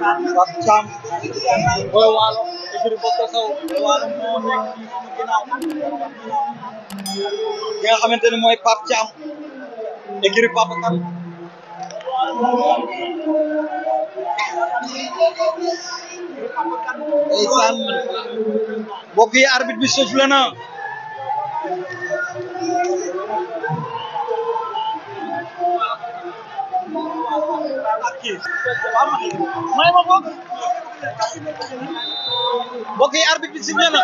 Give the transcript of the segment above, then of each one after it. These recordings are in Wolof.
Pape Thiam Boy Walo écurie Bokar Sow Boy Walo moo nekk ci suñu ginnaaw ki nga xamante ne mooy Pape Thiam écurie Papa Kan ndeysaan mbokk yi arbitre bi sëfle na may ma bokk mbokk yi arbitre bi sifflé na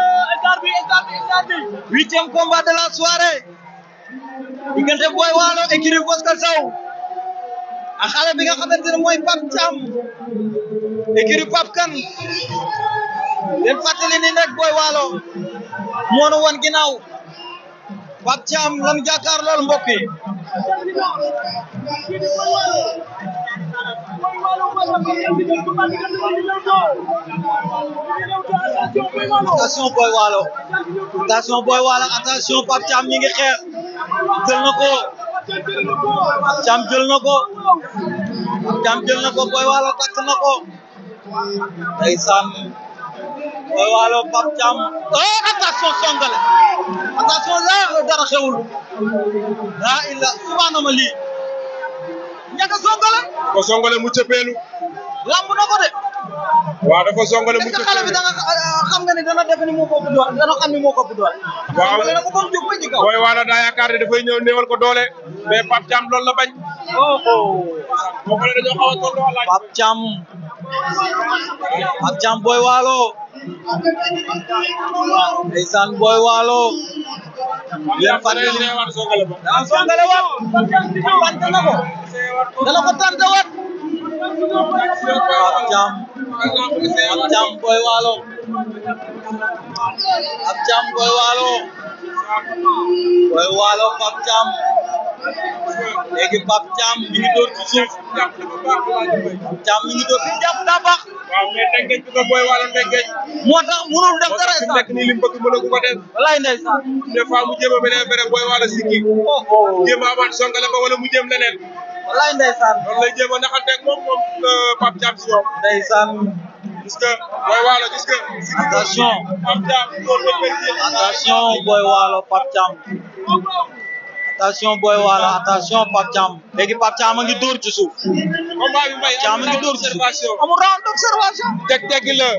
huitième combat de la soirée diggante Boy Walo écurie xale bi nga xamante ne mooy Pape Thiam écurie Pape Kane leen fàttali ni nag Boy Walo moo nu woon ginnaaw Pape Thiam la mu jàkkaar lool mbokk attention Boy Waalo attention Boy Waalo attention Pape Thiam ñi ngi xeex jël na ko Pape Thiam jël na ko Pape Thiam jël na ko Boy Waalo takk na ko ndeysaan Boy Waalo Pape Thiam oh attention songale attention la dara xewul la illa subhanama li ñaka songale ko songale mu cëppeelu lamb na ko de. waaw dafa songale mu. est-ce que da nga xam nga ni dana def ni moo ko ëpp dana xam ni moo ko ëpp da ko bëgg jóg ba ci kaw. booy waalo daa yaakaar ne dafay ñëw néewal ko doole mais Pape Thiam loolu la oh, oh. a toll walaay. Pape booy waalo. ndeysaan booy waalo. yéen fàttali. daa songale waat. Ah, dana ko tardé waat. Pape Thiam Pape Thiam Boy Walo Pape Thiam Boy Walo Boy Walo Pape Thiam léegi Pape Thiam mi ngi door ci suuf Pape Thiam mi ngi door ci jàpp daa baax waaw Boy Walo ndengeñ moo tax mënul def dara sax nekk nii li mu ko def wallaay ndeysaan des fois mu jéem a beneen beneen Boy Walo sikki jéem a amaat songale ba wala mu jéem leneen wallaay ndeysaan loolu lay jéem a naxanteeg moom moom euh, Pape Thiam si yow. ndeysaan. gis nga booy waalo gis nga. attention Pape Thiam góor attention booy waalo Pape Thiam. attention booy waalo attention Pape Thiam. léegi Pape Thiam a ngi dóor ci suuf. combat mbay Thiam a ngi dóor ci teg teg la.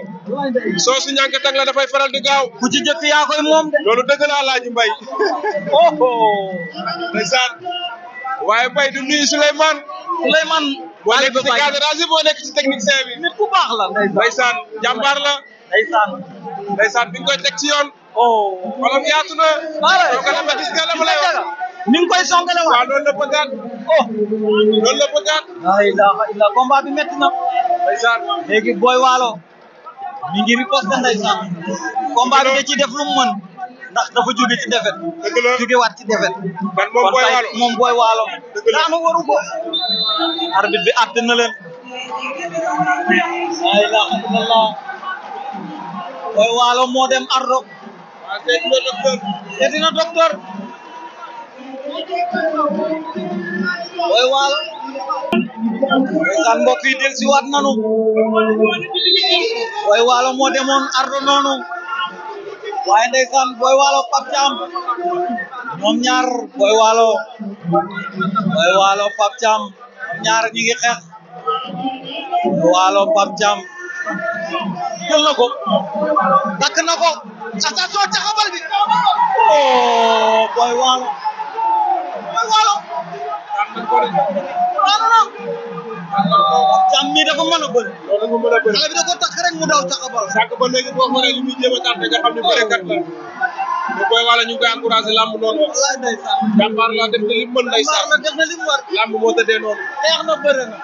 soo su ñàkk tag la dafay faral di gaaw. ku ci jëkk yaa koy moom de. loolu dëgg la Mbay. oh oh. ndeysaan. waaye Baye du nuyu Souleymane. Souleymane. boo nekk ci boo nekk ci technicien bi. nit ku baax la. ndeysaan jàmbaar la. ndeysaan. bi nga koy teg ci yoon. oh. xolam yaatu na. waaw waaw gis nga la ma lay wax. ni nga koy songale waaw loolu la bëggaat. oh. loolu la bëggaat. laa ilaaha illa combat bi métti na. ndeysaan. booy waalo. mi ngi riposte ndeysaan. combat bi da def lu mu ndax dafa jóge ci defet jógewaat ci defet kon tey moom booy waalo daanu waru ko arbitre bi àtte na leen laa moo dem ardo seeti na docteur booy waalo ardo noonu waaye ndeysaan Boy Walo Pape Thiam ñoom ñaar Boy Walo Boy Walo Pape Thiam ñoom ñaar ñi ngi xeex Boy Walo Pape Thiam jël na ko takk na ko attention caxabal bi oh Boy Walo Boy Walo Pape Thiam mi dafa mën a bëri xale bi da ko rek mu daw caxabal. sànq ba léegi boo xoolee li muy jéem a tardé nga xam ne bërekat la. ñu koy wala ñu ngi koy encouragé làmb noonu. wallaay ndeysaan. jàmbaar la def na li mu mën ndeysaan. jàmbaar la def na li mu war. làmb moo tëddee noonu. xeex na bëre na.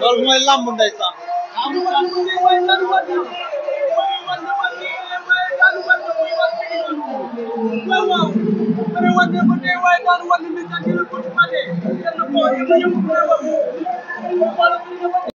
loolu mooy làmb ndeysaan. waaw waaw.